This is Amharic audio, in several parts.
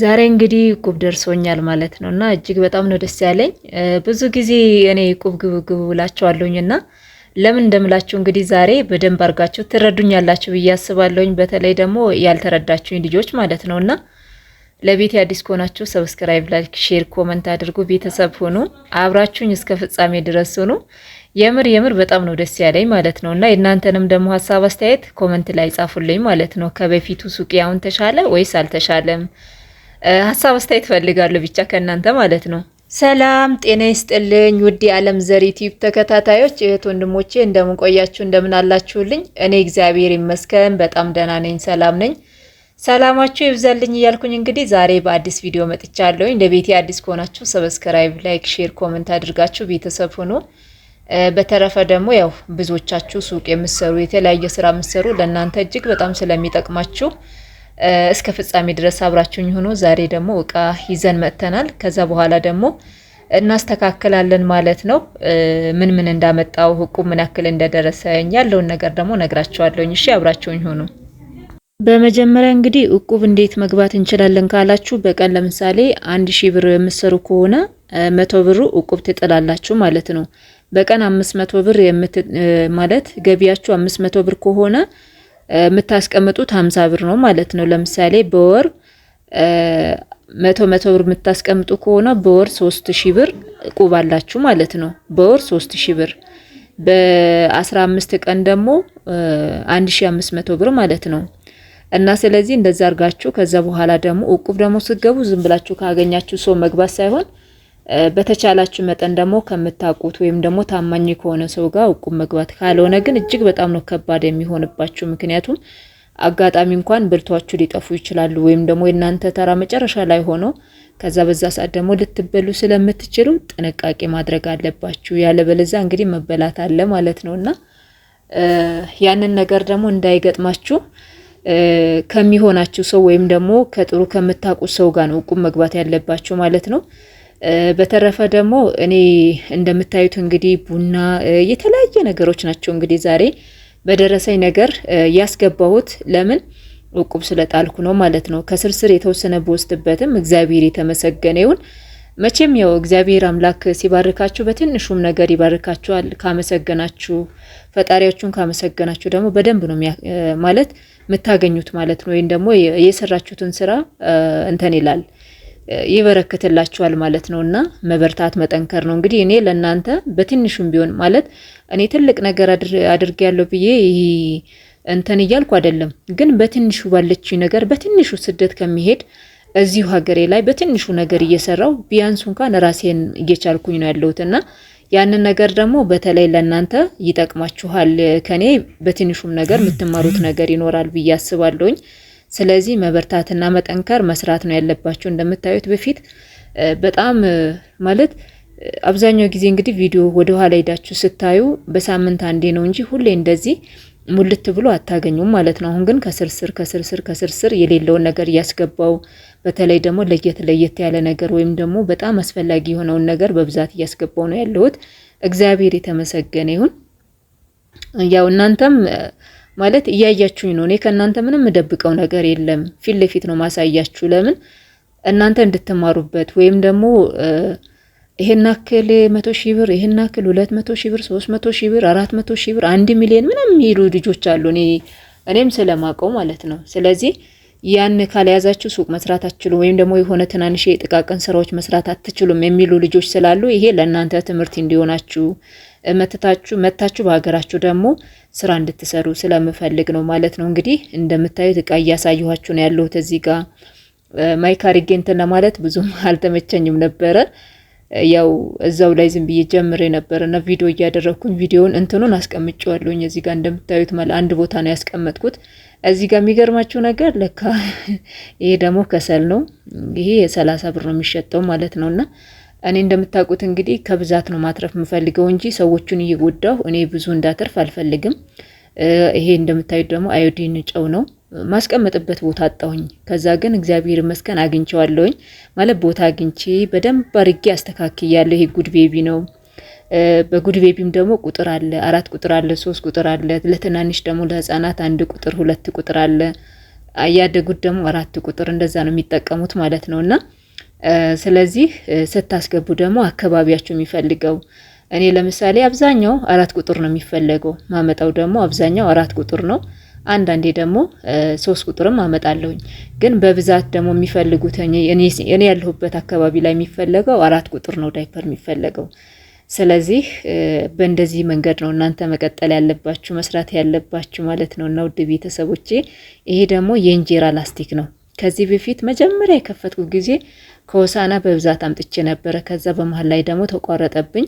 ዛሬ እንግዲህ እቁብ ደርሶኛል ማለት ነው እና እጅግ በጣም ነው ደስ ያለኝ። ብዙ ጊዜ እኔ እቁብ ግብግብ እላቸዋለሁኝ እና ለምን እንደምላችሁ እንግዲህ ዛሬ በደንብ አርጋችሁ ትረዱኛላችሁ ብዬ አስባለሁኝ። በተለይ ደግሞ ያልተረዳችሁኝ ልጆች ማለት ነው እና ለቤት አዲስ ከሆናችሁ ሰብስክራይብ፣ ላይክ፣ ሼር፣ ኮመንት አድርጉ። ቤተሰብ ሆኑ አብራችሁኝ እስከ ፍጻሜ ድረስ ሆኑ። የምር የምር በጣም ነው ደስ ያለኝ ማለት ነው እና የእናንተንም ደግሞ ሀሳብ አስተያየት ኮመንት ላይ ጻፉልኝ ማለት ነው። ከበፊቱ ሱቅ አሁን ተሻለ ወይስ አልተሻለም? ሀሳብ አስተያየት ፈልጋለሁ ብቻ ከእናንተ ማለት ነው። ሰላም ጤና ይስጥልኝ ውድ የዓለም ዘር ዩቲዩብ ተከታታዮች እህት ወንድሞቼ፣ ቆያችሁ? እንደምን አላችሁልኝ? እኔ እግዚአብሔር ይመስገን በጣም ደህና ነኝ፣ ሰላም ነኝ። ሰላማችሁ ይብዛልኝ እያልኩኝ እንግዲህ ዛሬ በአዲስ ቪዲዮ መጥቻለሁኝ። ለቤቴ አዲስ ከሆናችሁ ሰብስክራይብ፣ ላይክ፣ ሼር፣ ኮመንት አድርጋችሁ ቤተሰብ ሁኑ። በተረፈ ደግሞ ያው ብዙዎቻችሁ ሱቅ የምሰሩ የተለያየ ስራ የምሰሩ ለእናንተ እጅግ በጣም ስለሚጠቅማችሁ እስከ ፍጻሜ ድረስ አብራችሁኝ ሆኖ ዛሬ ደግሞ እቃ ይዘን መጥተናል። ከዛ በኋላ ደግሞ እናስተካክላለን ማለት ነው። ምን ምን እንዳመጣው እቁ ምን ያክል እንደደረሰኝ ያለውን ነገር ደግሞ ነግራችኋለሁኝ። እሺ አብራችሁኝ ሆኖ በመጀመሪያ እንግዲህ እቁብ እንዴት መግባት እንችላለን ካላችሁ በቀን ለምሳሌ አንድ ሺህ ብር የምትሰሩ ከሆነ መቶ ብሩ እቁብ ትጥላላችሁ ማለት ነው። በቀን አምስት መቶ ብር ማለት ገቢያችሁ አምስት መቶ ብር ከሆነ የምታስቀምጡት ሀምሳ ብር ነው ማለት ነው። ለምሳሌ በወር መቶ መቶ ብር የምታስቀምጡ ከሆነ በወር ሶስት ሺ ብር ቁባላችሁ ማለት ነው። በወር ሶስት ሺ ብር በአስራ አምስት ቀን ደግሞ አንድ ሺ አምስት መቶ ብር ማለት ነው። እና ስለዚህ እንደዛ አርጋችሁ ከዛ በኋላ ደግሞ እቁብ ደግሞ ስትገቡ ዝም ብላችሁ ካገኛችሁ ሰው መግባት ሳይሆን በተቻላችሁ መጠን ደግሞ ከምታውቁት ወይም ደግሞ ታማኝ ከሆነ ሰው ጋር እቁብ መግባት፣ ካልሆነ ግን እጅግ በጣም ነው ከባድ የሚሆንባችሁ። ምክንያቱም አጋጣሚ እንኳን በልቷችሁ ሊጠፉ ይችላሉ። ወይም ደግሞ የእናንተ ተራ መጨረሻ ላይ ሆኖ ከዛ በዛ ሰዓት ደግሞ ልትበሉ ስለምትችሉ ጥንቃቄ ማድረግ አለባችሁ። ያለበለዛ እንግዲህ መበላት አለ ማለት ነው እና ያንን ነገር ደግሞ እንዳይገጥማችሁ ከሚሆናችሁ ሰው ወይም ደግሞ ከጥሩ ከምታውቁት ሰው ጋር ነው እቁብ መግባት ያለባችሁ ማለት ነው። በተረፈ ደግሞ እኔ እንደምታዩት እንግዲህ ቡና የተለያየ ነገሮች ናቸው እንግዲህ ዛሬ በደረሰኝ ነገር ያስገባሁት ለምን እቁብ ስለጣልኩ ነው ማለት ነው። ከስርስር የተወሰነ በወስድበትም እግዚአብሔር የተመሰገነ ይሁን። መቼም ያው እግዚአብሔር አምላክ ሲባርካችሁ በትንሹም ነገር ይባርካችኋል። ካመሰገናችሁ ፈጣሪያችሁን ካመሰገናችሁ ደግሞ በደንብ ነው ማለት የምታገኙት ማለት ነው። ወይም ደግሞ የሰራችሁትን ስራ እንተን ይላል ይበረክትላችኋል ማለት ነው። እና መበርታት መጠንከር ነው እንግዲህ እኔ ለእናንተ በትንሹም ቢሆን ማለት እኔ ትልቅ ነገር አድርጌ ያለው ብዬ እንትን እያልኩ አይደለም፣ ግን በትንሹ ባለች ነገር በትንሹ ስደት ከሚሄድ እዚሁ ሀገሬ ላይ በትንሹ ነገር እየሰራው ቢያንሱ እንኳን ራሴን እየቻልኩኝ ነው ያለሁት እና ያንን ነገር ደግሞ በተለይ ለእናንተ ይጠቅማችኋል። ከኔ በትንሹም ነገር የምትማሩት ነገር ይኖራል ብዬ አስባለሁኝ። ስለዚህ መበርታትና መጠንከር መስራት ነው ያለባቸው። እንደምታዩት በፊት በጣም ማለት አብዛኛው ጊዜ እንግዲህ ቪዲዮ ወደ ኋላ ሄዳችሁ ስታዩ በሳምንት አንዴ ነው እንጂ ሁሌ እንደዚህ ሙልት ብሎ አታገኙም ማለት ነው። አሁን ግን ከስርስር ከስርስር ከስርስር የሌለውን ነገር እያስገባው በተለይ ደግሞ ለየት ለየት ያለ ነገር ወይም ደግሞ በጣም አስፈላጊ የሆነውን ነገር በብዛት እያስገባው ነው ያለሁት። እግዚአብሔር የተመሰገነ ይሁን። ያው እናንተም ማለት እያያችሁኝ ነው። እኔ ከእናንተ ምንም ምደብቀው ነገር የለም። ፊት ለፊት ነው ማሳያችሁ። ለምን እናንተ እንድትማሩበት ወይም ደግሞ ይሄን አክል መቶ ሺህ ብር ይሄን አክል ሁለት መቶ ሺህ ብር ሶስት መቶ ሺህ ብር አራት መቶ ሺህ ብር አንድ ሚሊዮን ምናምን የሚሉ ልጆች አሉ። እኔ እኔም ስለማውቀው ማለት ነው። ስለዚህ ያን ካልያዛችሁ ሱቅ መስራት አትችሉም፣ ወይም ደግሞ የሆነ ትናንሽ የጥቃቅን ስራዎች መስራት አትችሉም የሚሉ ልጆች ስላሉ ይሄ ለእናንተ ትምህርት እንዲሆናችሁ መተታችሁ መታችሁ በሀገራችሁ ደግሞ ስራ እንድትሰሩ ስለምፈልግ ነው ማለት ነው። እንግዲህ እንደምታዩት እቃ እያሳየኋችሁ ነው ያለሁት እዚህ ጋር ማይክ አድርጌ እንትን ለማለት ብዙም አልተመቸኝም ነበረ። ያው እዛው ላይ ዝም ብዬ ጀምሬ ነበረ እና ቪዲዮ እያደረግኩኝ ቪዲዮውን እንትኑን አስቀምጨዋለሁኝ እዚህ ጋር እንደምታዩት ማለት አንድ ቦታ ነው ያስቀመጥኩት። እዚህ ጋር የሚገርማችሁ ነገር ለካ ይሄ ደግሞ ከሰል ነው። ይሄ የሰላሳ ብር ነው የሚሸጠው ማለት ነው እና እኔ እንደምታውቁት እንግዲህ ከብዛት ነው ማትረፍ የምፈልገው እንጂ ሰዎቹን እየጎዳሁ እኔ ብዙ እንዳተርፍ አልፈልግም። ይሄ እንደምታዩት ደግሞ አዮዲን ጨው ነው። ማስቀመጥበት ቦታ አጣሁኝ። ከዛ ግን እግዚአብሔር ይመስገን አግኝቼዋለሁኝ። ማለት ቦታ አግኝቼ በደንብ አድርጌ አስተካክያለሁ። ይሄ ጉድ ቤቢ ነው። በጉድ ቤቢም ደግሞ ቁጥር አለ፣ አራት ቁጥር አለ፣ ሶስት ቁጥር አለ። ለትናንሽ ደግሞ ለህፃናት አንድ ቁጥር ሁለት ቁጥር አለ። አያደጉት ደግሞ አራት ቁጥር እንደዛ ነው የሚጠቀሙት ማለት ነው እና ስለዚህ ስታስገቡ ደግሞ አካባቢያችሁ የሚፈልገው እኔ ለምሳሌ አብዛኛው አራት ቁጥር ነው የሚፈለገው። ማመጣው ደግሞ አብዛኛው አራት ቁጥር ነው። አንዳንዴ ደግሞ ሶስት ቁጥርም አመጣለሁኝ። ግን በብዛት ደግሞ የሚፈልጉት እኔ ያለሁበት አካባቢ ላይ የሚፈለገው አራት ቁጥር ነው ዳይፐር የሚፈለገው። ስለዚህ በእንደዚህ መንገድ ነው እናንተ መቀጠል ያለባችሁ መስራት ያለባችሁ ማለት ነው። እና ውድ ቤተሰቦቼ ይሄ ደግሞ የእንጀራ ላስቲክ ነው። ከዚህ በፊት መጀመሪያ የከፈትኩት ጊዜ ከሆሳና በብዛት አምጥቼ ነበረ። ከዛ በመሀል ላይ ደግሞ ተቋረጠብኝ።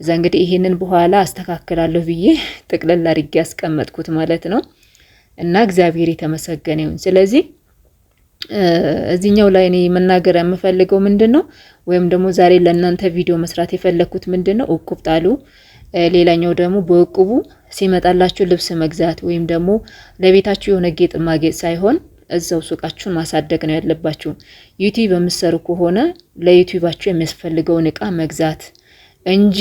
እዛ እንግዲህ ይህንን በኋላ አስተካክላለሁ ብዬ ጥቅልል አድርጌ ያስቀመጥኩት ማለት ነው። እና እግዚአብሔር የተመሰገነ ይሁን። ስለዚህ እዚህኛው ላይ እኔ መናገር የምፈልገው ምንድን ነው ወይም ደግሞ ዛሬ ለእናንተ ቪዲዮ መስራት የፈለግኩት ምንድን ነው እቁብ ጣሉ። ሌላኛው ደግሞ በእቁቡ ሲመጣላችሁ ልብስ መግዛት ወይም ደግሞ ለቤታችሁ የሆነ ጌጥ ማጌጥ ሳይሆን እዛው ሱቃችሁን ማሳደግ ነው ያለባችሁ። ዩቲዩብ የምትሰሩ ከሆነ ለዩቲዩባችሁ የሚያስፈልገውን እቃ መግዛት እንጂ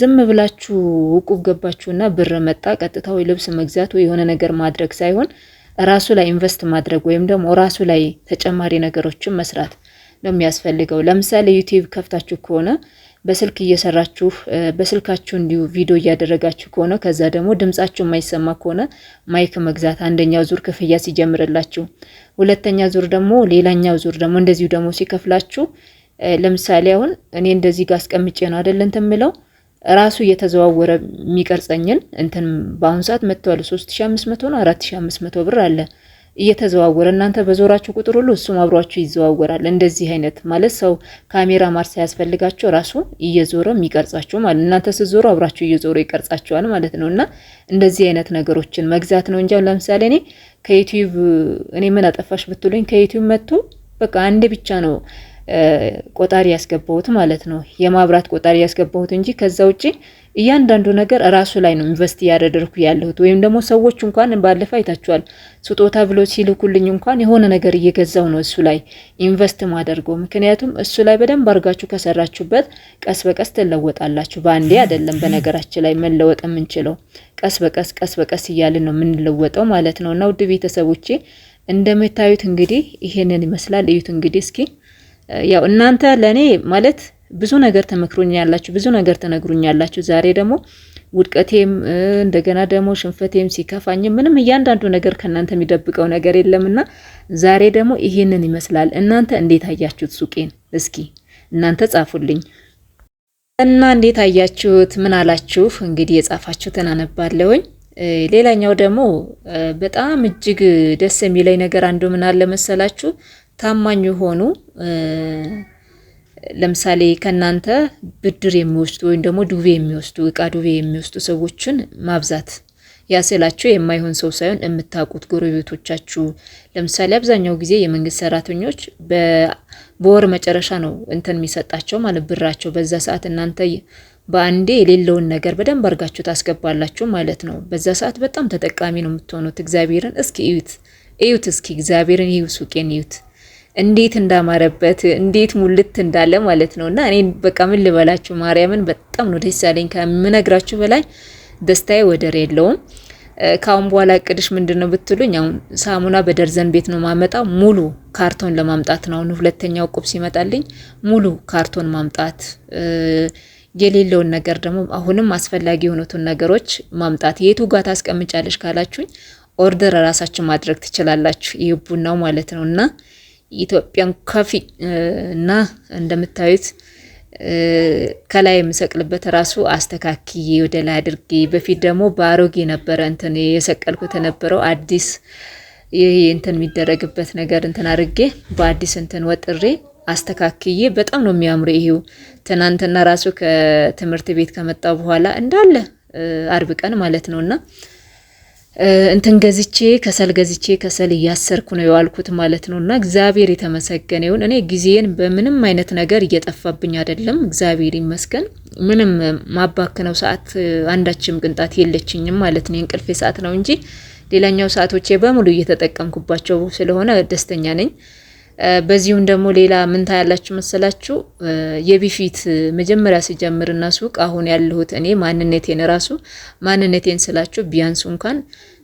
ዝም ብላችሁ ውቁብ ገባችሁና ብር መጣ ቀጥታ ወይ ልብስ መግዛት ወይ የሆነ ነገር ማድረግ ሳይሆን ራሱ ላይ ኢንቨስት ማድረግ ወይም ደግሞ ራሱ ላይ ተጨማሪ ነገሮችን መስራት ነው የሚያስፈልገው። ለምሳሌ ዩቲዩብ ከፍታችሁ ከሆነ በስልክ እየሰራችሁ በስልካችሁ እንዲሁ ቪዲዮ እያደረጋችሁ ከሆነ ከዛ ደግሞ ድምጻችሁ የማይሰማ ከሆነ ማይክ መግዛት አንደኛው ዙር ክፍያ ሲጀምርላችሁ፣ ሁለተኛ ዙር ደግሞ ሌላኛው ዙር ደግሞ እንደዚሁ ደግሞ ሲከፍላችሁ፣ ለምሳሌ አሁን እኔ እንደዚህ ጋር አስቀምጬ ነው አይደል እንትን የምለው ራሱ እየተዘዋወረ የሚቀርጸኝን እንትን በአሁኑ ሰዓት መጥተዋል። 3500 ነው 4500 ብር አለ እየተዘዋወረ እናንተ በዞራችሁ ቁጥር ሁሉ እሱም አብሯችሁ ይዘዋወራል። እንደዚህ አይነት ማለት ሰው ካሜራ ማር ሳያስፈልጋቸው ራሱ እየዞረ የሚቀርጻችሁ ማለት እናንተ ስትዞሩ አብራችሁ እየዞሩ ይቀርጻችኋል ማለት ነው። እና እንደዚህ አይነት ነገሮችን መግዛት ነው እንጂ ለምሳሌ እኔ ከዩቲዩብ እኔ ምን አጠፋሽ ብትሉኝ ከዩቲዩብ መጥቶ በቃ አንድ ብቻ ነው ቆጣሪ ያስገባሁት ማለት ነው። የማብራት ቆጣሪ ያስገባሁት እንጂ ከዛ ውጭ እያንዳንዱ ነገር ራሱ ላይ ነው ኢንቨስት እያደረግኩ ያለሁት። ወይም ደግሞ ሰዎች እንኳን ባለፈ አይታችኋል፣ ስጦታ ብሎ ሲልኩልኝ እንኳን የሆነ ነገር እየገዛው ነው እሱ ላይ ኢንቨስት ማደርገው። ምክንያቱም እሱ ላይ በደንብ አድርጋችሁ ከሰራችሁበት ቀስ በቀስ ትለወጣላችሁ። በአንዴ አይደለም በነገራችን ላይ መለወጥ የምንችለው፣ ቀስ በቀስ ቀስ በቀስ እያልን ነው የምንለወጠው ማለት ነው። እና ውድ ቤተሰቦቼ እንደምታዩት እንግዲህ ይሄንን ይመስላል። እዩት እንግዲህ እስኪ ያው እናንተ ለእኔ ማለት ብዙ ነገር ተመክሩኛላችሁ፣ ብዙ ነገር ተነግሩኛላችሁ። ዛሬ ደግሞ ውድቀቴም እንደገና ደግሞ ሽንፈቴም ሲከፋኝም ምንም እያንዳንዱ ነገር ከእናንተ የሚደብቀው ነገር የለምና ዛሬ ደግሞ ይሄንን ይመስላል። እናንተ እንዴት አያችሁት ሱቄን? እስኪ እናንተ ጻፉልኝ እና እንዴት አያችሁት? ምን አላችሁ? እንግዲህ የጻፋችሁትን አነባለሁኝ። ሌላኛው ደግሞ በጣም እጅግ ደስ የሚለኝ ነገር አንዱ ምን አለ መሰላችሁ ታማኝ የሆኑ ለምሳሌ ከእናንተ ብድር የሚወስዱ ወይም ደግሞ ዱቤ የሚወስዱ እቃ ዱቤ የሚወስዱ ሰዎችን ማብዛት። ያስላቸው የማይሆን ሰው ሳይሆን የምታውቁት ጎረቤቶቻችሁ። ለምሳሌ አብዛኛው ጊዜ የመንግስት ሰራተኞች በወር መጨረሻ ነው እንትን የሚሰጣቸው ማለት ብራቸው። በዛ ሰዓት እናንተ በአንዴ የሌለውን ነገር በደንብ አርጋችሁ ታስገባላችሁ ማለት ነው። በዛ ሰዓት በጣም ተጠቃሚ ነው የምትሆኑት። እግዚአብሔርን እስኪ እዩት፣ እዩት፣ እስኪ እግዚአብሔርን ይዩ፣ ሱቄን ይዩት። እንዴት እንዳማረበት እንዴት ሙልት እንዳለ ማለት ነው። እና እኔ በቃ ምን ልበላችሁ ማርያምን በጣም ነው ደስ ያለኝ ከምነግራችሁ በላይ ደስታዬ ወደር የለውም። ከአሁን በኋላ እቅድሽ ምንድን ነው ብትሉኝ፣ አሁን ሳሙና በደርዘን ቤት ነው ማመጣ ሙሉ ካርቶን ለማምጣት ነው አሁን ሁለተኛው ቁብ ሲመጣልኝ ሙሉ ካርቶን ማምጣት፣ የሌለውን ነገር ደግሞ አሁንም አስፈላጊ የሆኑትን ነገሮች ማምጣት። የቱ ጋር ታስቀምጫለሽ ካላችሁኝ፣ ኦርደር ራሳችሁ ማድረግ ትችላላችሁ። ይህ ቡናው ማለት ነው እና ኢትዮጵያን ኮፊ እና እንደምታዩት ከላይ የምሰቅልበት ራሱ አስተካክዬ ወደ ላይ አድርጌ፣ በፊት ደግሞ በአሮጌ ነበረ እንትን የሰቀልኩት የነበረው አዲስ ይህ እንትን የሚደረግበት ነገር እንትን አድርጌ በአዲስ እንትን ወጥሬ አስተካክዬ በጣም ነው የሚያምሩ። ይሄው ትናንትና ራሱ ከትምህርት ቤት ከመጣ በኋላ እንዳለ አርብ ቀን ማለት ነውና እንትን ገዝቼ ከሰል ገዝቼ ከሰል እያሰርኩ ነው የዋልኩት ማለት ነው። እና እግዚአብሔር የተመሰገነ ይሁን። እኔ ጊዜን በምንም አይነት ነገር እየጠፋብኝ አይደለም፣ እግዚአብሔር ይመስገን። ምንም ማባክነው ሰዓት አንዳችም ቅንጣት የለችኝም ማለት ነው። የእንቅልፌ ሰዓት ነው እንጂ ሌላኛው ሰዓቶቼ በሙሉ እየተጠቀምኩባቸው ስለሆነ ደስተኛ ነኝ። በዚሁም ደግሞ ሌላ ምን ታያላችሁ መሰላችሁ? የቢፊት መጀመሪያ ሲጀምርና ሱቅ አሁን ያለሁት እኔ ማንነቴን ራሱ ማንነቴን ስላችሁ ቢያንስ እንኳን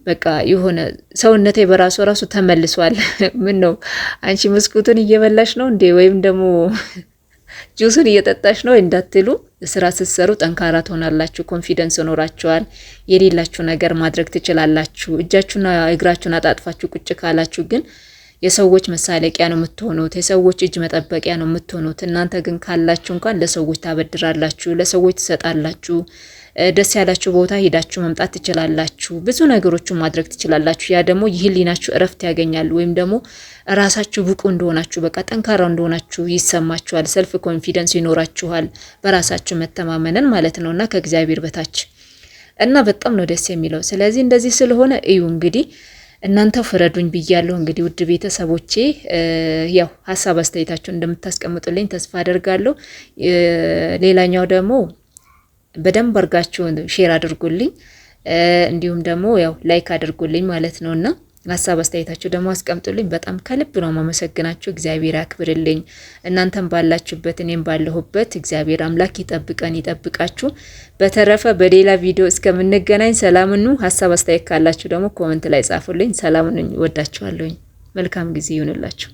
በቃ የሆነ ሰውነቴ በራሱ ራሱ ተመልሷል። ምን ነው አንቺ መስኩቱን እየበላሽ ነው እንዴ ወይም ደግሞ ጁሱን እየጠጣሽ ነው እንዳትሉ፣ ስራ ስትሰሩ ጠንካራ ትሆናላችሁ። ኮንፊደንስ ይኖራችኋል። የሌላችሁ ነገር ማድረግ ትችላላችሁ። እጃችሁና እግራችሁን አጣጥፋችሁ ቁጭ ካላችሁ ግን የሰዎች መሳለቂያ ነው የምትሆኑት፣ የሰዎች እጅ መጠበቂያ ነው የምትሆኑት። እናንተ ግን ካላችሁ እንኳን ለሰዎች ታበድራላችሁ፣ ለሰዎች ትሰጣላችሁ፣ ደስ ያላችሁ ቦታ ሄዳችሁ መምጣት ትችላላችሁ፣ ብዙ ነገሮችን ማድረግ ትችላላችሁ። ያ ደግሞ የህሊናችሁ እረፍት ያገኛል፣ ወይም ደግሞ ራሳችሁ ብቁ እንደሆናችሁ በቃ ጠንካራ እንደሆናችሁ ይሰማችኋል። ሰልፍ ኮንፊደንስ ይኖራችኋል፣ በራሳችሁ መተማመንን ማለት ነው እና ከእግዚአብሔር በታች እና በጣም ነው ደስ የሚለው። ስለዚህ እንደዚህ ስለሆነ እዩ እንግዲህ እናንተው ፍረዱኝ ብያለሁ። እንግዲህ ውድ ቤተሰቦቼ ያው ሀሳብ አስተያየታችሁን እንደምታስቀምጡልኝ ተስፋ አደርጋለሁ። ሌላኛው ደግሞ በደንብ አድርጋችሁ ሼር አድርጉልኝ፣ እንዲሁም ደግሞ ያው ላይክ አድርጉልኝ ማለት ነውና ሀሳብ አስተያየታችሁ ደግሞ አስቀምጡልኝ። በጣም ከልብ ነው ማመሰግናችሁ። እግዚአብሔር አክብርልኝ እናንተም ባላችሁበት እኔም ባለሁበት እግዚአብሔር አምላክ ይጠብቀን ይጠብቃችሁ። በተረፈ በሌላ ቪዲዮ እስከምንገናኝ ሰላምኑ። ሀሳብ አስተያየት ካላችሁ ደግሞ ኮመንት ላይ ጻፉልኝ። ሰላምኑ። ወዳችኋለሁኝ። መልካም ጊዜ ይሁንላችሁ።